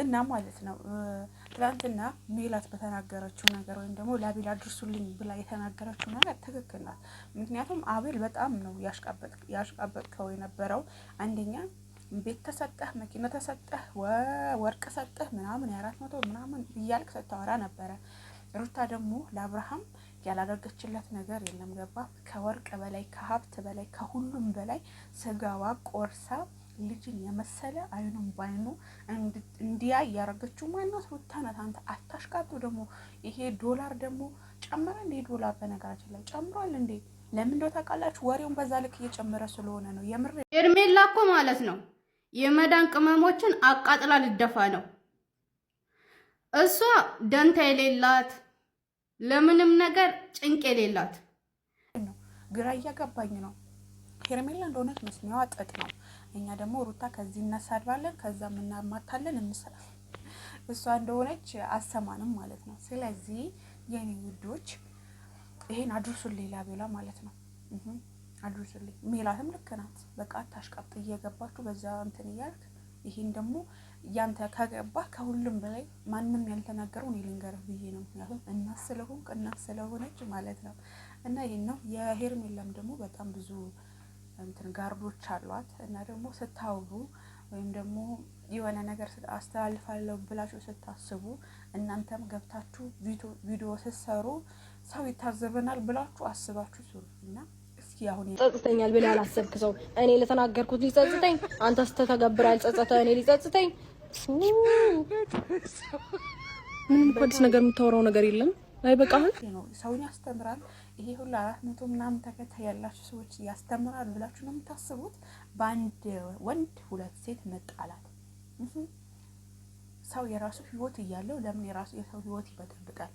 እና ማለት ነው ትላንትና ሜላት በተናገረችው ነገር ወይም ደግሞ ለአቤል አድርሱልኝ ብላ የተናገረችው ነገር ትክክል ናት። ምክንያቱም አቤል በጣም ነው ያሽቃበጥከው የነበረው። አንደኛ ቤት ተሰጠህ፣ መኪና ተሰጠህ፣ ወርቅ ሰጠህ ምናምን የአራት መቶ ምናምን እያልክ ስታወራ ነበረ። ሩታ ደግሞ ለአብርሃም ያላደረገችለት ነገር የለም ገባ ከወርቅ በላይ ከሀብት በላይ ከሁሉም በላይ ስጋዋ ቆርሳ ልጅን የመሰለ አይኑን ባይኑ እንዲያ እያረገችው ማናት ሩታናት። አንተ አታሽቃጡ። ደግሞ ይሄ ዶላር ደግሞ ጨመረ እንዴ? ዶላር በነገራችን ላይ ጨምሯል እንዴ? ለምን እንደው ታውቃላችሁ፣ ወሬውን በዛ ልክ እየጨመረ ስለሆነ ነው። የምር ሄርሜላ እኮ ማለት ነው የመዳን ቅመሞችን አቃጥላ ልደፋ ነው። እሷ ደንታ የሌላት ለምንም ነገር ጭንቅ የሌላት ግራ እያገባኝ ነው ሄርሜላ እንደሆነች መስሚያዋ ጥጥ ነው። እኛ ደግሞ ሩታ ከዚህ እናሳድባለን፣ ከዛም እናማታለን፣ እንስራ እሷ እንደሆነች አሰማንም ማለት ነው። ስለዚህ የኔ ውዶች ይሄን አድርሱልኝ ላቤላ ማለት ነው። አድርሱልኝ። ሜላትም ልክ ናት። በቃ አታሽቃብጥ፣ እየገባችሁ በዛ እንትን እያልክ ይሄን ደግሞ ያንተ ከገባ ከሁሉም በላይ ማንም ያልተናገረው እኔ ብዬ ነው። ምክንያቱም እናት ስለሆንክ እናት ስለሆነች ማለት ነው። እና ይሄን ነው የሄርሜላም ደግሞ በጣም ብዙ እንትን ጋርዶች አሏት እና ደግሞ ስታውሩ ወይም ደግሞ የሆነ ነገር አስተላልፋለሁ ብላችሁ ስታስቡ እናንተም ገብታችሁ ቪዲዮ ስትሰሩ ሰው ይታዘበናል ብላችሁ አስባችሁ ስሩ እና እስኪ አሁን ጸጽተኛል ብለህ አላሰብክ ሰው እኔ ለተናገርኩት ሊጸጽተኝ አንተ ስተተገብራል ያልጸጸተ እኔ ሊጸጽተኝ ምንም አዲስ ነገር የምታወራው ነገር የለም። ላይ በቃ ሰውን ያስተምራል። ይሄ ሁሉ አራት መቶ ምናምን ተከታይ ያላችሁ ሰዎች ያስተምራል ብላችሁ ነው የምታስቡት? በአንድ ወንድ ሁለት ሴት መጣላት። ሰው የራሱ ህይወት እያለው ለምን የራሱ የሰው ህይወት ይበጠብጣል?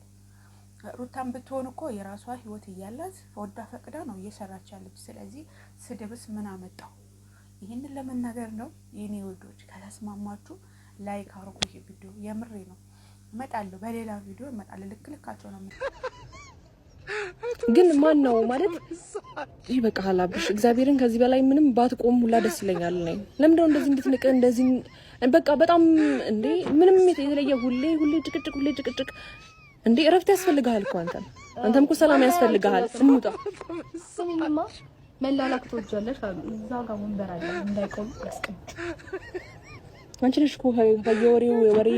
ሩታን ብትሆን እኮ የራሷ ህይወት እያላት ወዳ ፈቅዳ ነው እየሰራች ያለች። ስለዚህ ስድብስ ምን አመጣው? ይህንን ለመናገር ነው የኔ ወዶች። ከተስማማችሁ ላይክ አርጉ። ይሄ ቪዲዮ የምሬ ነው። እመጣለሁ፣ በሌላ ቪዲዮ እመጣለሁ። ልክ ልካቸው ነው። ግን ማን ነው ማለት ይህ በቃ ሀላብሽ እግዚአብሔርን ከዚህ በላይ ምንም ባትቆም ሁላ ደስ ይለኛል። ነኝ ለምንድነው እንደዚህ እንድትንቅ እንደዚህ በቃ በጣም እንዴ ምንም የተለየ ሁሌ ሁሌ ጭቅጭቅ ሁሌ ጭቅጭቅ እንዴ እረፍት ያስፈልግሃል እኮ አንተም አንተም እኮ ሰላም ያስፈልግሃል። እንውጣ መላላክ ትወጃለሽ አሉ እዛ ጋር ወንበር አለ እንዳይቆም አስቀምጪ አንቺ ነሽ እኮ ከየወሬው ወሬ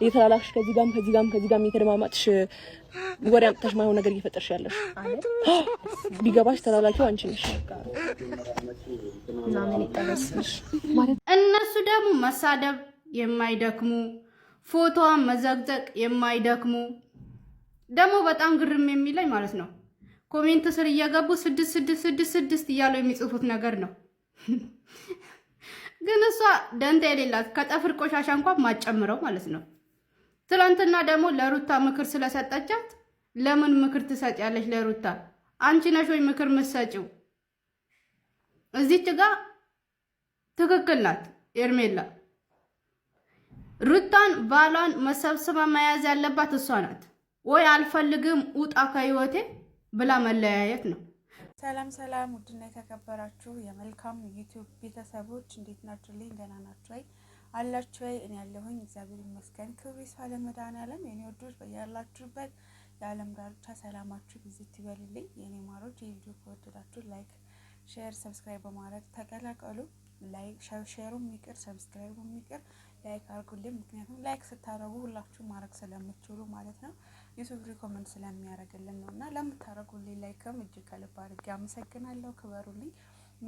እየተላላክሽ ከዚህ ጋርም ከዚህ ጋርም ከዚህ ጋርም እየተደማማጥሽ ወሬ አምጥተሽ ማይሆን ነገር እየፈጠርሽ ያለሽ። ቢገባሽ ተላላኪው አንቺ ነሽ። እነሱ ደግሞ መሳደብ የማይደክሙ ፎቶዋን መዘግዘቅ የማይደክሙ ደግሞ በጣም ግርም የሚለኝ ማለት ነው ኮሜንት ስር እየገቡ ስድስት ስድስት ስድስት ስድስት እያሉ የሚጽፉት ነገር ነው። ግን እሷ ደንታ የሌላት ከጠፍር ቆሻሻ እንኳን ማጨምረው ማለት ነው። ትናንትና ደግሞ ለሩታ ምክር ስለሰጠቻት ለምን ምክር ትሰጫለች? ለሩታ አንቺ ነሽ ወይ ምክር ምሰጪው? እዚች ጋ ትክክል ናት ኤርሜላ። ሩታን ባሏን መሰብሰባ መያዝ ያለባት እሷ ናት። ወይ አልፈልግም ውጣ ከህይወቴ ብላ መለያየት ነው። ሰላም ሰላም፣ ውድና የተከበራችሁ የመልካም ዩቲዩብ ቤተሰቦች እንዴት ልኝ ደህና ናችሁ ወይ? አላችሁ ወይ? እኔ ያለሁኝ እግዚአብሔር ይመስገን። ክብሩ ይስፋ ለመድኃኒዓለም። የኔ ወዶች በያላችሁበት የዓለም ዳርቻ ሰላማችሁ ጊዜ ይበልልኝ። የኔ ማሮች፣ የቪዲዮ ከወደዳችሁ ላይክ፣ ሼር፣ ሰብስክራይብ በማድረግ ተቀላቀሉ። ላይክ ሼሩ የሚቅር ሰብስክራይቡ የሚቅር ላይክ አድርጉልኝ። ምክንያቱም ላይክ ስታደርጉ ሁላችሁ ማድረግ ስለምትችሉ ማለት ነው የሱፍሪ ኮመንት ስለሚያደርግልን ነው እና ለምታደርጉልኝ ላይክም እጅግ ከልብ አድርጌ አመሰግናለሁ። ክበሩልኝ።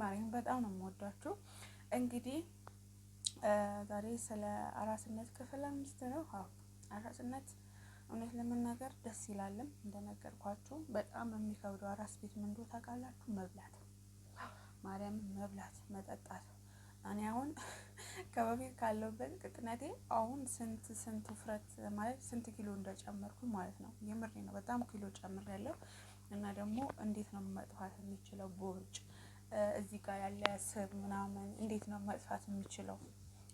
ማርያም በጣም ነው የምወዷችሁ። እንግዲህ ዛሬ ስለ አራስነት ክፍል አምስት ነው። አራስነት እውነት ለመናገር ደስ ይላልም። እንደነገርኳችሁ በጣም የሚከብደው አራስ ቤት ምንዶ ታውቃላችሁ? መብላት፣ ማርያም መብላት፣ መጠጣት እኔ አሁን ከበፊት ካለበት ቅጥነቴ አሁን ስንት ስንት ውፍረት ማለት ስንት ኪሎ እንደጨመርኩ ማለት ነው። የምሬ ነው። በጣም ኪሎ ጨምር ያለው እና ደግሞ እንዴት ነው መጥፋት የሚችለው? ቦርጭ እዚህ ጋር ያለ ስብ ምናምን እንዴት ነው መጥፋት የሚችለው?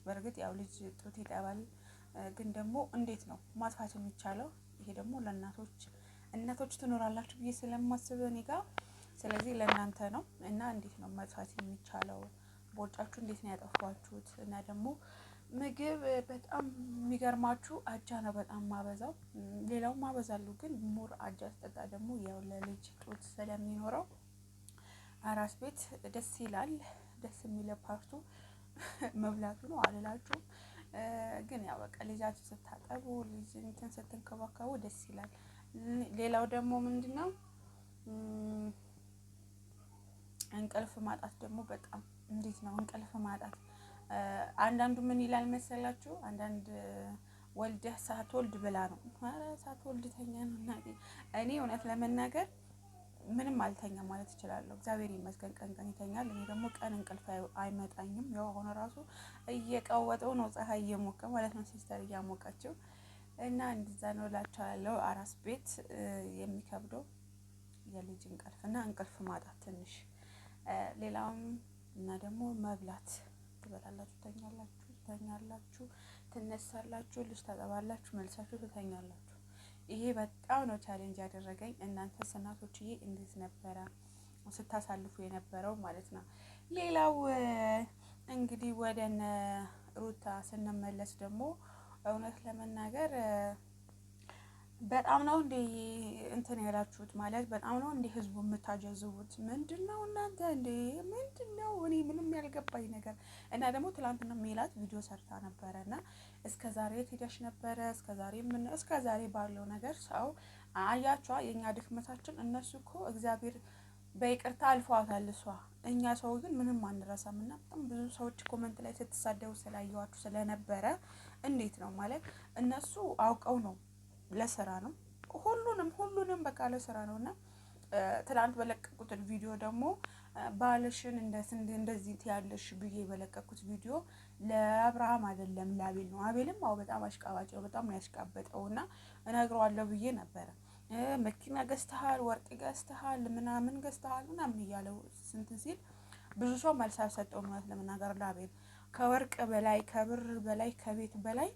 በእርግጥ ያው ልጅ ጡት ይጠባል፣ ግን ደግሞ እንዴት ነው ማጥፋት የሚቻለው? ይሄ ደግሞ ለእናቶች እናቶች ትኖራላችሁ ብዬ ስለማስብ እኔ ጋር ስለዚህ ለእናንተ ነው እና እንዴት ነው መጥፋት የሚቻለው ቦርጫችሁ እንዴት ነው ያጠፏችሁት? እና ደግሞ ምግብ በጣም የሚገርማችሁ አጃ ነው በጣም ማበዛው። ሌላው ማበዛሉ፣ ግን ሙር አጃ ስጠጣ ደግሞ ያው ለልጅ ጡት ስለሚኖረው አራስ ቤት ደስ ይላል። ደስ የሚለ ፓርቱ መብላቱ ነው አልላችሁም፣ ግን ያው በቃ ልጃችሁ ስታጠቡ ልጅ እንትን ስትንከባከቡ ደስ ይላል። ሌላው ደግሞ ምንድን ነው እንቅልፍ ማጣት ደግሞ በጣም እንዴት ነው እንቅልፍ ማጣት? አንዳንዱ ምን ይላል መሰላችሁ? አንዳንድ ወልደህ ሳትወልድ ብላ ነው ሳትወልድ ተኛ ነው እና እኔ እውነት ለመናገር ምንም አልተኛ ማለት እችላለሁ። እግዚአብሔር ይመስገን ቀን ቀን ይተኛል። እኔ ደግሞ ቀን እንቅልፍ አይመጣኝም። ያው አሁን ራሱ እየቀወጠው ነው ፀሐይ እየሞቀ ማለት ነው ሲስተር እያሞቀችው እና እንደዛ ነው እላቸዋለሁ። አራስ ቤት የሚከብደው የልጅ እንቅልፍ እና እንቅልፍ ማጣት ትንሽ ሌላውም እና ደግሞ መብላት ትበላላችሁ፣ ትተኛላችሁ፣ ትተኛላችሁ፣ ትነሳላችሁ፣ ልጅ ታጠባላችሁ፣ መልሳችሁ ትተኛላችሁ። ይሄ በጣም ነው ቻሌንጅ ያደረገኝ። እናንተስ እናቶችዬ እንዴት ነበረ ስታሳልፉ የነበረው ማለት ነው። ሌላው እንግዲህ ወደነ ሩታ ስንመለስ ደግሞ እውነት ለመናገር በጣም ነው እንዴ እንትን ያላችሁት ማለት በጣም ነው እንዴ ህዝቡ የምታጀዝቡት። ምንድን ነው እናንተ እንደ ምንድን ነው እኔ ምንም ያልገባኝ ነገር እና ደግሞ ትላንትና ሜላት ቪዲዮ ሰርታ ነበረ እና እስከ ዛሬ ትሄደሽ ነበረ እስከ ዛሬ ምን እስከ ዛሬ ባለው ነገር ሰው አያቸዋ የእኛ ድክመታችን እነሱ እኮ እግዚአብሔር በይቅርታ አልፈዋታል እሷ። እኛ ሰው ግን ምንም አንረሳም እና በጣም ብዙ ሰዎች ኮመንት ላይ ስትሳደቡ ስላየዋችሁ ስለነበረ እንዴት ነው ማለት እነሱ አውቀው ነው ለስራ ነው። ሁሉንም ሁሉንም በቃ ለስራ ነው እና ትናንት በለቀቁትን ቪዲዮ ደግሞ ባልሽን እንደዚህ ያለሽ ብዬ በለቀቁት ቪዲዮ ለአብርሃም አይደለም ለአቤል ነው። አቤልም አዎ በጣም አሽቃባጭ ነው። በጣም ነው ያሽቃበጠው እና እነግረዋለሁ ብዬ ነበረ። መኪና ገዝተሃል፣ ወርቅ ገዝተሃል፣ ምናምን ገዝተሃል ምናምን እያለው ስንት ሲል ብዙ ሰው መልስ አልሰጠውም። እውነት ለመናገር ለአቤል ከወርቅ በላይ ከብር በላይ ከቤት በላይ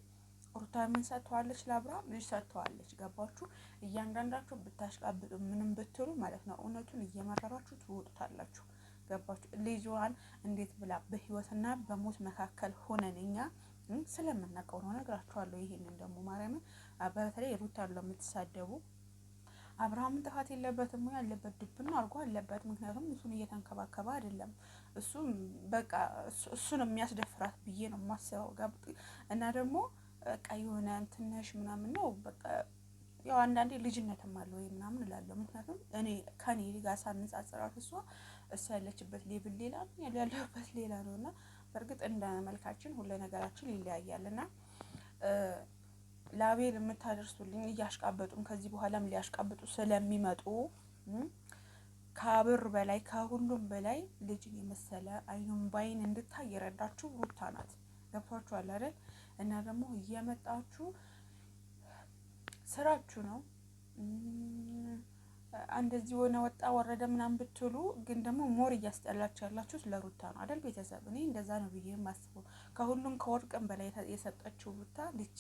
ሩታ ምን ሰጥተዋለች? ለአብርሃም ልጅ ሰጥተዋለች። ገባችሁ? እያንዳንዳችሁ ብታሽቃብጡ ምንም ብትሉ ማለት ነው እውነቱን እየመረራችሁ ትወጡታላችሁ። ገባችሁ? ልጇን እንዴት ብላ በህይወትና በሞት መካከል ሆነን እኛ ስለምናውቀው ነው እነግራችኋለሁ። ይሄንን ደግሞ ማርያምን በተለይ ሩታን ለምትሳደቡ አብርሃምን ጥፋት የለበትም ወይ? አለበት። ነው አድርጎ አለበት። ምክንያቱም እሱን እየተንከባከበ አይደለም። እሱም በቃ እሱን የሚያስደፍራት ብዬ ነው የማስበው እና ደግሞ በቃ የሆነ እንትነሽ ምናምን ነው በቃ ያው አንዳንዴ ልጅነትም አለ ወይ ምናምን እላለሁ። ምክንያቱም እኔ ከኔ ጋር ሳነጻጽራት እሷ እሷ ያለችበት ሌብል ሌላ ያለበት ሌላ ነው እና በእርግጥ እንደ መልካችን ሁለ ነገራችን ይለያያል እና ለአቤል የምታደርሱልኝ እያሽቃበጡም ከዚህ በኋላም ሊያሽቃብጡ ስለሚመጡ ከብር በላይ ከሁሉም በላይ ልጅን የመሰለ አይኑም ባይን እንድታይ የረዳችሁ ሩታ ናት። ገብቷችኋል አይደል? እና ደግሞ እየመጣችሁ ስራችሁ ነው። እንደዚህ ሆነ ወጣ ወረደ ምናምን ብትሉ ግን ደግሞ ሞር እያስጠላችሁ ያላችሁት ለሩታ ነው አደል? ቤተሰብ እኔ እንደዛ ነው ብዬ የማስበው ከሁሉም ከወርቅም በላይ የሰጠችው ሩታ ልጅ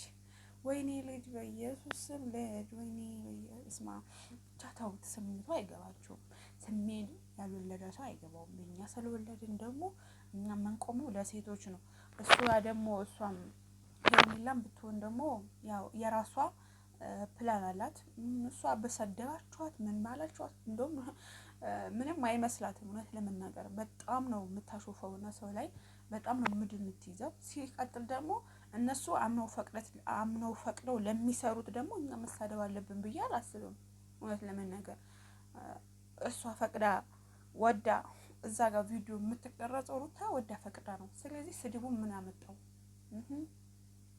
ወይኔ ልጅ በኢየሱስም ልጅ ወይኔ እስማ ብቻ ተውት። ስሜቱ አይገባችሁም። ስሜን ያልወለደ ሰው አይገባውም። እኛ ስለወለድን ደግሞ እኛ የምንቆመው ለሴቶች ነው። እሷ ደግሞ እሷም ሄርሜላም ብትሆን ደግሞ ያው የራሷ ፕላን አላት። እሷ በሰደባችኋት ምን ባላችኋት እንደውም ምንም አይመስላትም። እውነት ለመናገር በጣም ነው የምታሾፈውና ሰው ላይ በጣም ነው ምድ የምትይዘው። ሲቀጥል ደግሞ እነሱ አምነው ፈቅደው ለሚሰሩት ደግሞ እኛ መሳደብ አለብን ብዬ አላስብም። እውነት ለመናገር እሷ ፈቅዳ ወዳ እዛ ጋር ቪዲዮ የምትቀረጸው ሩታ ወዳ ፈቅዳ ነው። ስለዚህ ስድቡን ምን አመጣው?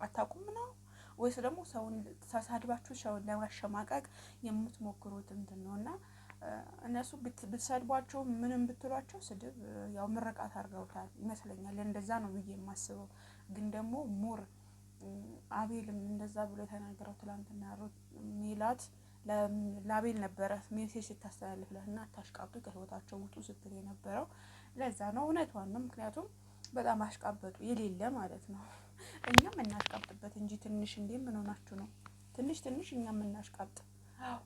አታውቁም ነው ወይስ ደግሞ ሰውን ተሳድባችሁ ሰውን ለማሸማቀቅ የምትሞክሩት እንትን ነው? እና እነሱ ብትሰድቧቸው ምንም ብትሏቸው ስድብ ያው ምርቃት አድርገውታል ይመስለኛል። እንደዛ ነው ብዬ የማስበው። ግን ደግሞ ሙር አቤልም እንደዛ ብሎ የተናገረው ትላንትና ሜላት ለአቤል ነበረ ሜሴጅ ስታስተላልፍለት እና አታሽቃብጡ ከህይወታቸው ውጡ ስትል የነበረው ለዛ ነው እውነቷን ነው። ምክንያቱም በጣም አሽቃበጡ የሌለ ማለት ነው። እኛ እናሽቃብጥበት እንጂ ትንሽ እንዴ ምን ሆናችሁ ነው? ትንሽ ትንሽ እኛ እናሽቃብጥ። አዎ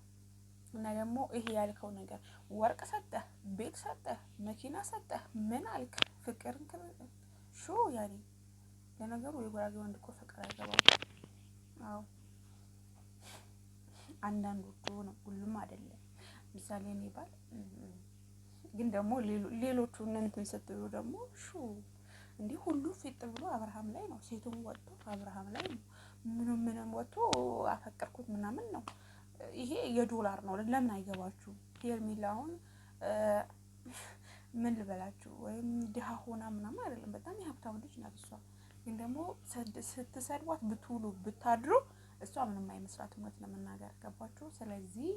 እና ደግሞ ይሄ ያልከው ነገር ወርቅ ሰጠህ፣ ቤት ሰጠህ፣ መኪና ሰጠህ፣ ምን አልክ? ፍቅርን ሹ ያኔ ለነገሩ የጉራጌ ወንድ እኮ ፍቅር አይገባም። አዎ አንዳንዶቹ ነው፣ ሁሉም አይደለም። ምሳሌ እኔ ባል ግን ደግሞ ሌሎቹ እንትን ስትሉ ደግሞ ሹ እንዲህ ሁሉ ፊጥ ብሎ አብርሃም ላይ ነው። ሴቱን ወጥቶ አብርሃም ላይ ነው። ምንም ምንም ወጥቶ አፈቀርኩት ምናምን ነው። ይሄ የዶላር ነው። ለምን አይገባችሁ? ሄርሜላውን ምን ልበላችሁ፣ ወይም ድሃ ሆና ምናምን አይደለም። በጣም የሀብታም ልጅ ናት እሷ። ግን ደግሞ ስትሰድቧት ብትውሉ ብታድሩ እሷ ምንም አይመስላት፣ እውነት ለመናገር ገባችሁ። ስለዚህ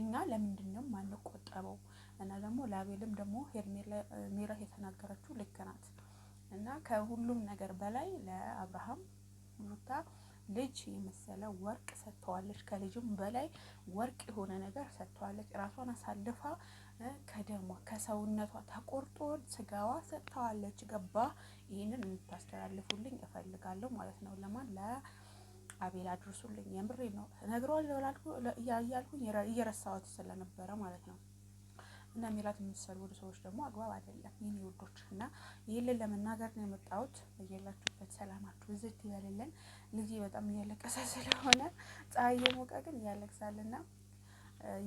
እኛ ለምንድን ነው ማንቆጠበው? እና ደግሞ ለአቤልም ደግሞ ሄርሜላ የተናገረችው ልክ ናት። እና ከሁሉም ነገር በላይ ለአብርሃም ሩታ ልጅ የመሰለ ወርቅ ሰጥተዋለች። ከልጅም በላይ ወርቅ የሆነ ነገር ሰጥተዋለች። ራሷን አሳልፋ ከደሟ ከሰውነቷ ተቆርጦ ስጋዋ ሰጥተዋለች። ገባ? ይህንን እንድታስተላልፉልኝ እፈልጋለሁ ማለት ነው። ለማን ለአቤል አድርሱልኝ። የምሬ ነው። ነግረዋል እያልኩኝ እየረሳሁት ስለነበረ ማለት ነው። እና ሜላት የምትሰልውሉ ሰዎች ደግሞ አግባብ አይደለም። ይህን የወዶች እና ይህንን ለመናገር ነው የመጣሁት። እየላችሁበት ሰላማችሁ ብዝት ይበልልን። ልጅ በጣም እያለቀሰ ስለሆነ ፀሐይ የሞቀ ግን እያለቅሳልና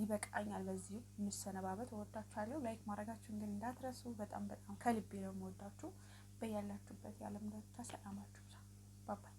ይበቃኛል። በዚሁ የምሰነባበት እወዳችኋለሁ። ላይክ ማድረጋችሁን ግን እንዳትረሱ። በጣም በጣም ከልቤ ነው የምወዳችሁ። በያላችሁበት የዓለም ዳርቻ ሰላማችሁ ባባይ